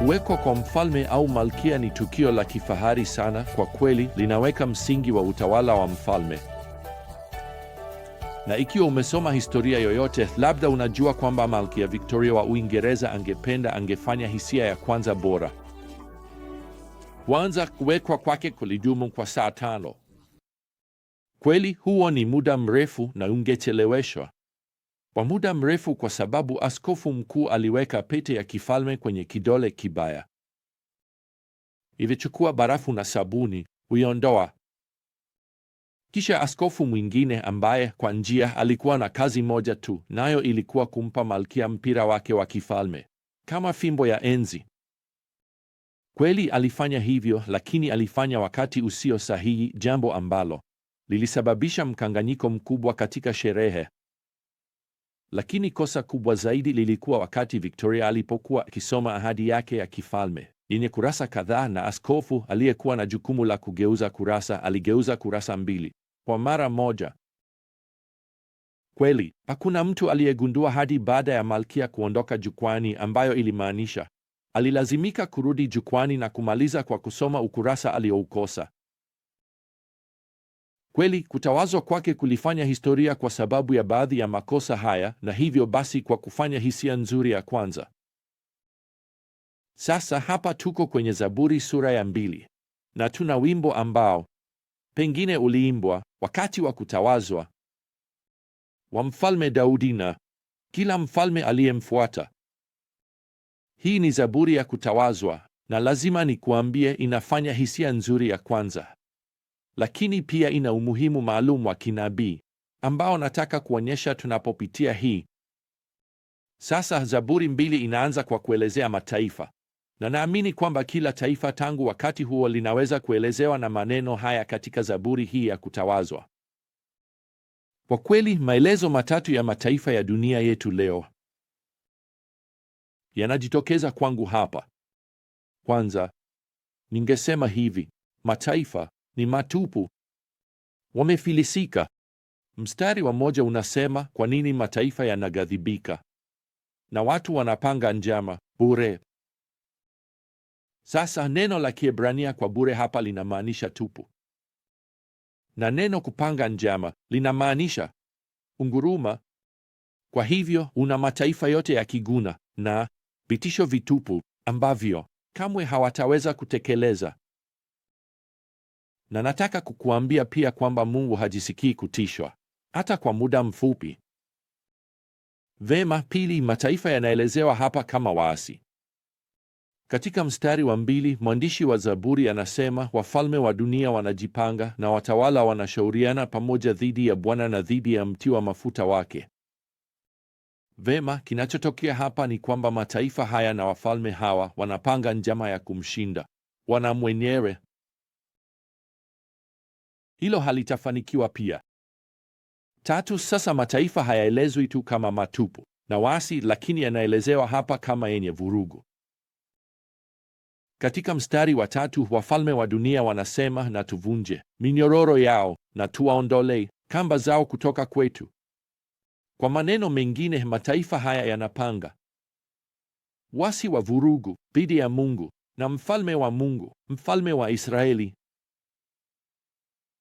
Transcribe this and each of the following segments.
Kuwekwa kwa mfalme au malkia ni tukio la kifahari sana kwa kweli, linaweka msingi wa utawala wa mfalme. Na ikiwa umesoma historia yoyote, labda unajua kwamba Malkia Victoria wa Uingereza angependa angefanya hisia ya kwanza bora. Kwanza, kuwekwa kwake kulidumu kwa saa tano. Kweli huo ni muda mrefu na ungecheleweshwa kwa muda mrefu kwa sababu askofu mkuu aliweka pete ya kifalme kwenye kidole kibaya. Ilichukua barafu na sabuni uiondoa. Kisha askofu mwingine ambaye kwa njia alikuwa na kazi moja tu, nayo ilikuwa kumpa malkia mpira wake wa kifalme kama fimbo ya enzi. Kweli alifanya hivyo, lakini alifanya wakati usio sahihi, jambo ambalo lilisababisha mkanganyiko mkubwa katika sherehe. Lakini kosa kubwa zaidi lilikuwa wakati Victoria alipokuwa akisoma ahadi yake ya kifalme yenye kurasa kadhaa, na askofu aliyekuwa na jukumu la kugeuza kurasa aligeuza kurasa mbili kwa mara moja. Kweli hakuna mtu aliyegundua hadi baada ya malkia kuondoka jukwani, ambayo ilimaanisha alilazimika kurudi jukwani na kumaliza kwa kusoma ukurasa aliyoukosa Kweli kutawazwa kwake kulifanya historia kwa sababu ya baadhi ya makosa haya, na hivyo basi kwa kufanya hisia nzuri ya kwanza. Sasa hapa tuko kwenye Zaburi sura ya mbili na tuna wimbo ambao pengine uliimbwa wakati wa kutawazwa wa mfalme Daudi na kila mfalme aliyemfuata. Hii ni zaburi ya kutawazwa, na lazima nikuambie, inafanya hisia nzuri ya kwanza lakini pia ina umuhimu maalum wa kinabii ambao nataka kuonyesha tunapopitia hii. Sasa Zaburi mbili inaanza kwa kuelezea mataifa, na naamini kwamba kila taifa tangu wakati huo linaweza kuelezewa na maneno haya katika Zaburi hii ya kutawazwa. Kwa kweli, maelezo matatu ya mataifa ya dunia yetu leo yanajitokeza kwangu hapa. Kwanza, ningesema hivi: mataifa ni matupu, wamefilisika. Mstari wa moja unasema, kwa nini mataifa yanaghadhibika na watu wanapanga njama bure? Sasa neno la Kiebrania kwa bure hapa linamaanisha tupu, na neno kupanga njama linamaanisha unguruma. Kwa hivyo una mataifa yote ya kiguna na vitisho vitupu ambavyo kamwe hawataweza kutekeleza na nataka kukuambia pia kwamba Mungu hajisikii kutishwa hata kwa muda mfupi. Vema, pili, mataifa yanaelezewa hapa kama waasi. Katika mstari wa mbili, mwandishi wa Zaburi anasema wafalme wa dunia wanajipanga na watawala wanashauriana pamoja dhidi ya Bwana na dhidi ya mti wa mafuta wake. Vema, kinachotokea hapa ni kwamba mataifa haya na wafalme hawa wanapanga njama ya kumshinda wana mwenyewe hilo halitafanikiwa pia. Tatu, sasa mataifa hayaelezwi tu kama matupu na wasi, lakini yanaelezewa hapa kama yenye vurugu. Katika mstari wa tatu, wafalme wa dunia wanasema, na tuvunje minyororo yao na tuwaondole kamba zao kutoka kwetu. Kwa maneno mengine, mataifa haya yanapanga wasi wa vurugu dhidi ya Mungu na mfalme wa Mungu, mfalme wa Israeli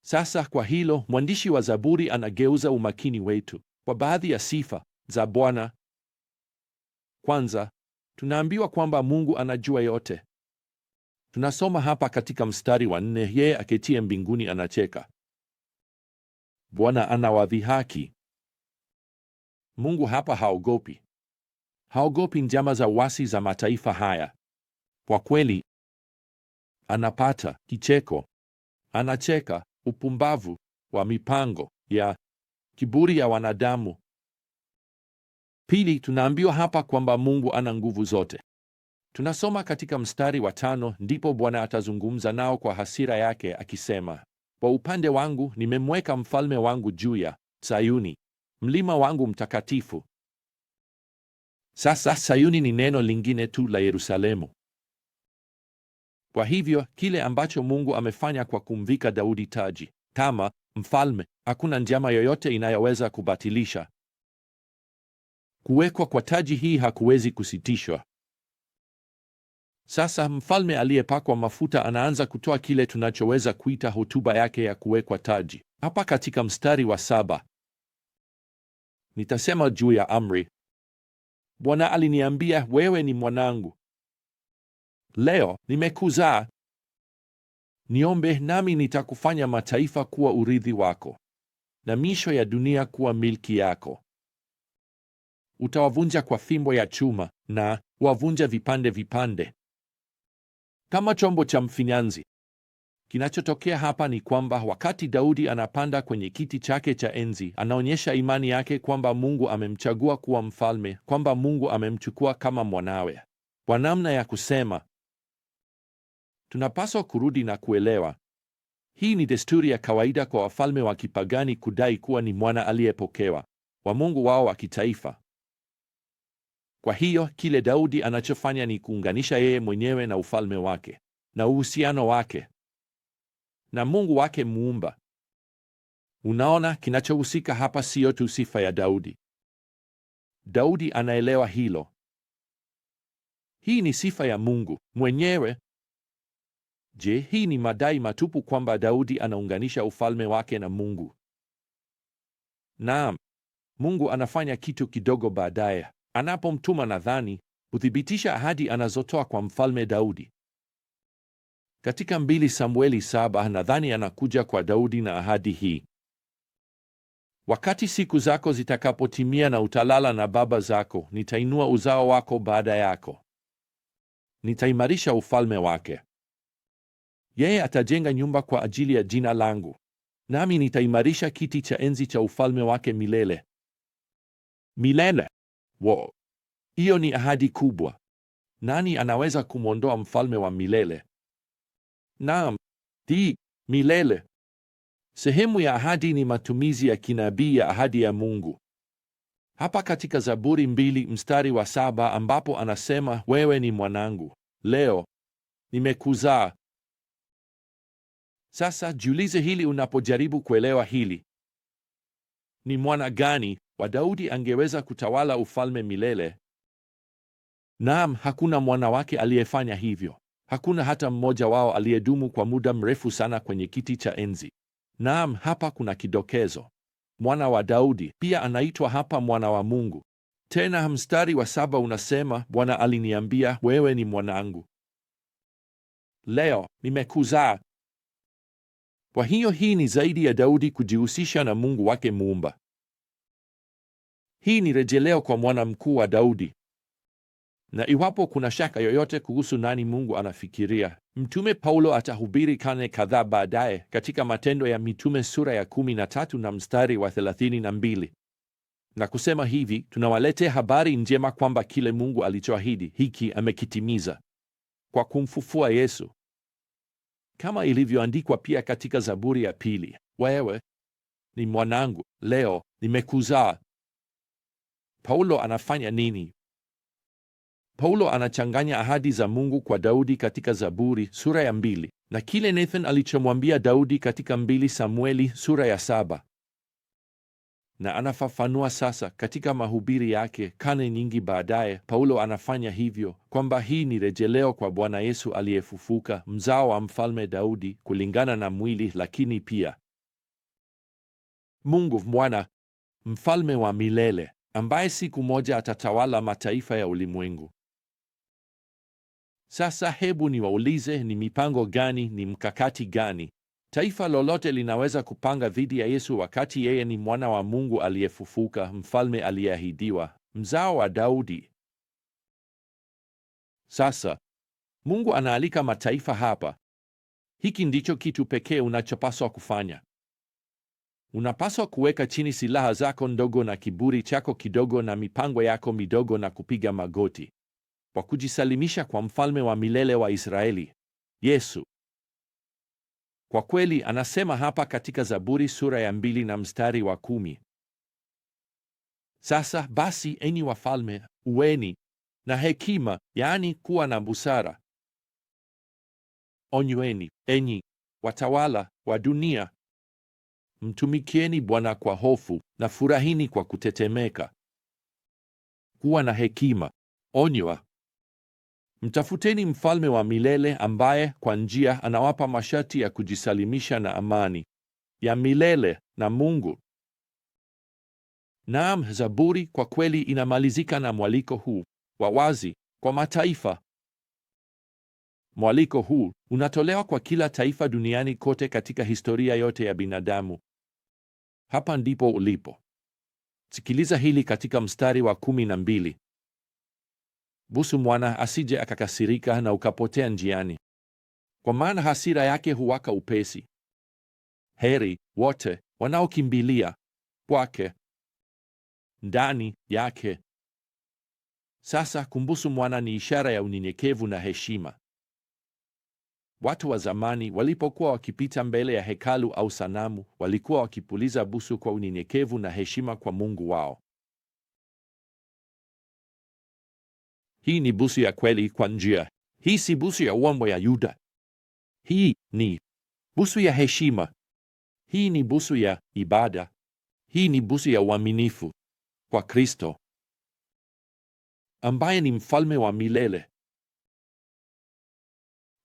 sasa kwa hilo, mwandishi wa Zaburi anageuza umakini wetu kwa baadhi ya sifa za Bwana. Kwanza, tunaambiwa kwamba Mungu anajua yote. Tunasoma hapa katika mstari wa nne, yeye aketie mbinguni anacheka, Bwana anawadhihaki. Mungu hapa haogopi, haogopi njama za wasi za mataifa haya. Kwa kweli, anapata kicheko, anacheka upumbavu wa mipango ya kiburi ya wanadamu. Pili, tunaambiwa hapa kwamba Mungu ana nguvu zote. Tunasoma katika mstari wa tano, ndipo Bwana atazungumza nao kwa hasira yake akisema, kwa upande wangu nimemweka mfalme wangu juu ya Sayuni, mlima wangu mtakatifu. Sasa Sayuni ni neno lingine tu la Yerusalemu. Kwa hivyo kile ambacho Mungu amefanya kwa kumvika Daudi taji kama mfalme, hakuna njama yoyote inayoweza kubatilisha. Kuwekwa kwa taji hii hakuwezi kusitishwa. Sasa mfalme aliyepakwa mafuta anaanza kutoa kile tunachoweza kuita hotuba yake ya kuwekwa taji. Hapa katika mstari wa saba nitasema juu ya amri. Bwana aliniambia, wewe ni mwanangu, Leo nimekuzaa, niombe nami nitakufanya mataifa kuwa urithi wako na misho ya dunia kuwa milki yako. Utawavunja kwa fimbo ya chuma na wavunja vipande vipande kama chombo cha mfinyanzi. Kinachotokea hapa ni kwamba wakati Daudi anapanda kwenye kiti chake cha enzi, anaonyesha imani yake kwamba Mungu amemchagua kuwa mfalme, kwamba Mungu amemchukua kama mwanawe. Kwa namna ya kusema, Tunapaswa kurudi na kuelewa hii ni desturi ya kawaida kwa wafalme wa kipagani kudai kuwa ni mwana aliyepokewa wa Mungu wao wa kitaifa. Kwa hiyo kile Daudi anachofanya ni kuunganisha yeye mwenyewe na ufalme wake na uhusiano wake na Mungu wake muumba. Unaona, kinachohusika hapa siyo tu sifa ya Daudi. Daudi anaelewa hilo. Hii ni sifa ya Mungu mwenyewe. Je, hii ni madai matupu kwamba Daudi anaunganisha ufalme wake na Mungu? Naam, Mungu anafanya kitu kidogo baadaye anapomtuma Nathani kuthibitisha ahadi anazotoa kwa mfalme Daudi. Katika mbili Samueli saba, Nathani anakuja kwa Daudi na ahadi hii: wakati siku zako zitakapotimia na utalala na baba zako, nitainua uzao wako baada yako, nitaimarisha ufalme wake yeye atajenga nyumba kwa ajili ya jina langu, nami nitaimarisha kiti cha enzi cha ufalme wake milele milele. Wo, hiyo ni ahadi kubwa. Nani anaweza kumwondoa mfalme wa milele? Naam, ti milele. Sehemu ya ahadi ni matumizi ya kinabii ya ahadi ya Mungu hapa katika Zaburi mbili mstari wa saba ambapo anasema wewe ni mwanangu, leo nimekuzaa. Sasa jiulize hili unapojaribu kuelewa hili. Ni mwana gani wa Daudi angeweza kutawala ufalme milele? Naam, hakuna mwana wake aliyefanya hivyo. Hakuna hata mmoja wao aliyedumu kwa muda mrefu sana kwenye kiti cha enzi. Naam, hapa kuna kidokezo. Mwana wa Daudi pia anaitwa hapa mwana wa Mungu. Tena mstari wa saba unasema, Bwana aliniambia, wewe ni mwanangu, leo nimekuzaa, kwa hiyo hii ni zaidi ya Daudi kujihusisha na Mungu wake Muumba. Hii ni rejeleo kwa mwana mkuu wa Daudi. Na iwapo kuna shaka yoyote kuhusu nani Mungu anafikiria, Mtume Paulo atahubiri kane kadhaa baadaye katika Matendo ya Mitume sura ya 13 na mstari wa 32 na kusema hivi, tunawaletea habari njema kwamba kile Mungu alichoahidi hiki amekitimiza kwa kumfufua Yesu kama ilivyoandikwa pia katika Zaburi ya pili, wewe ni mwanangu, leo nimekuzaa. Paulo anafanya nini? Paulo anachanganya ahadi za Mungu kwa Daudi katika Zaburi sura ya mbili na kile Nathan alichomwambia Daudi katika mbili Samueli sura ya saba na anafafanua sasa katika mahubiri yake kane nyingi baadaye. Paulo anafanya hivyo kwamba hii ni rejeleo kwa Bwana Yesu aliyefufuka, mzao wa mfalme Daudi kulingana na mwili, lakini pia Mungu Mwana, mfalme wa milele, ambaye siku moja atatawala mataifa ya ulimwengu. Sasa hebu niwaulize, ni mipango gani, ni mkakati gani Taifa lolote linaweza kupanga dhidi ya Yesu wakati yeye ni mwana wa Mungu aliyefufuka, mfalme aliyeahidiwa, mzao wa Daudi. Sasa Mungu anaalika mataifa hapa. Hiki ndicho kitu pekee unachopaswa kufanya. Unapaswa kuweka chini silaha zako ndogo na kiburi chako kidogo na mipango yako midogo na kupiga magoti kwa kujisalimisha kwa mfalme wa milele wa Israeli, Yesu. Kwa kweli anasema hapa katika Zaburi sura ya mbili na mstari wa kumi, sasa basi, enyi wafalme, uweni na hekima, yaani kuwa na busara. Onyweni enyi watawala wa dunia, mtumikieni Bwana kwa hofu na furahini kwa kutetemeka. Kuwa na hekima, onywa Mtafuteni mfalme wa milele ambaye kwa njia anawapa masharti ya kujisalimisha na amani ya milele na Mungu. Naam, Zaburi kwa kweli inamalizika na mwaliko huu wa wazi kwa mataifa. Mwaliko huu unatolewa kwa kila taifa duniani kote katika historia yote ya binadamu. Hapa ndipo ulipo. Sikiliza hili katika mstari wa kumi na mbili busu mwana asije akakasirika na ukapotea njiani, kwa maana hasira yake huwaka upesi. Heri wote wanaokimbilia kwake ndani yake. Sasa kumbusu mwana ni ishara ya unyenyekevu na heshima. Watu wa zamani walipokuwa wakipita mbele ya hekalu au sanamu, walikuwa wakipuliza busu kwa unyenyekevu na heshima kwa Mungu wao. Hii ni busu ya kweli kwa njia. Hii si busu ya uombo ya Yuda. Hii ni busu ya heshima. Hii ni busu ya ibada. Hii ni busu ya uaminifu kwa Kristo ambaye ni mfalme wa milele.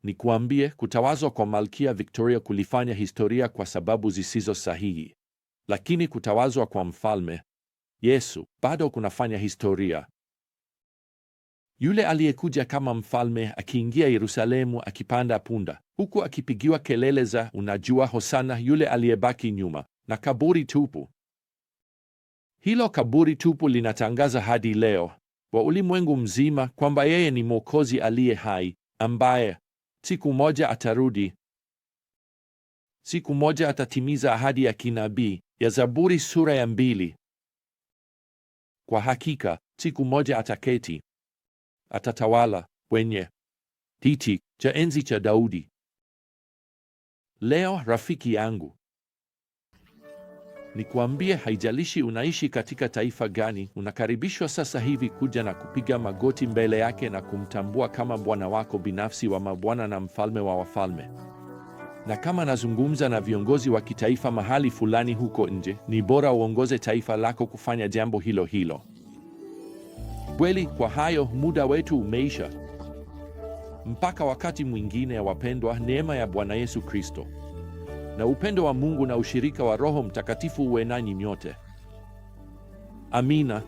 Nikuambie, kutawazwa kwa Malkia Victoria kulifanya historia kwa sababu zisizo sahihi, lakini kutawazwa kwa mfalme Yesu bado kunafanya historia. Yule aliyekuja kama mfalme akiingia Yerusalemu akipanda punda, huku akipigiwa kelele za unajua, hosana, yule aliyebaki nyuma na kaburi tupu. Hilo kaburi tupu linatangaza hadi leo wa ulimwengu mzima kwamba yeye ni Mwokozi aliye hai ambaye siku moja atarudi. Siku moja atatimiza ahadi ya kinabii ya Zaburi sura ya mbili. Kwa hakika siku moja ataketi atatawala kwenye kiti cha enzi cha Daudi. Leo rafiki yangu, nikuambie, haijalishi unaishi katika taifa gani, unakaribishwa sasa hivi kuja na kupiga magoti mbele yake na kumtambua kama Bwana wako binafsi wa mabwana na mfalme wa wafalme. Na kama nazungumza na viongozi wa kitaifa mahali fulani huko nje, ni bora uongoze taifa lako kufanya jambo hilo hilo. Kweli kwa hayo, muda wetu umeisha. Mpaka wakati mwingine, wapendwa, neema ya Bwana Yesu Kristo na upendo wa Mungu na ushirika wa Roho Mtakatifu uwe nanyi nyote. Amina.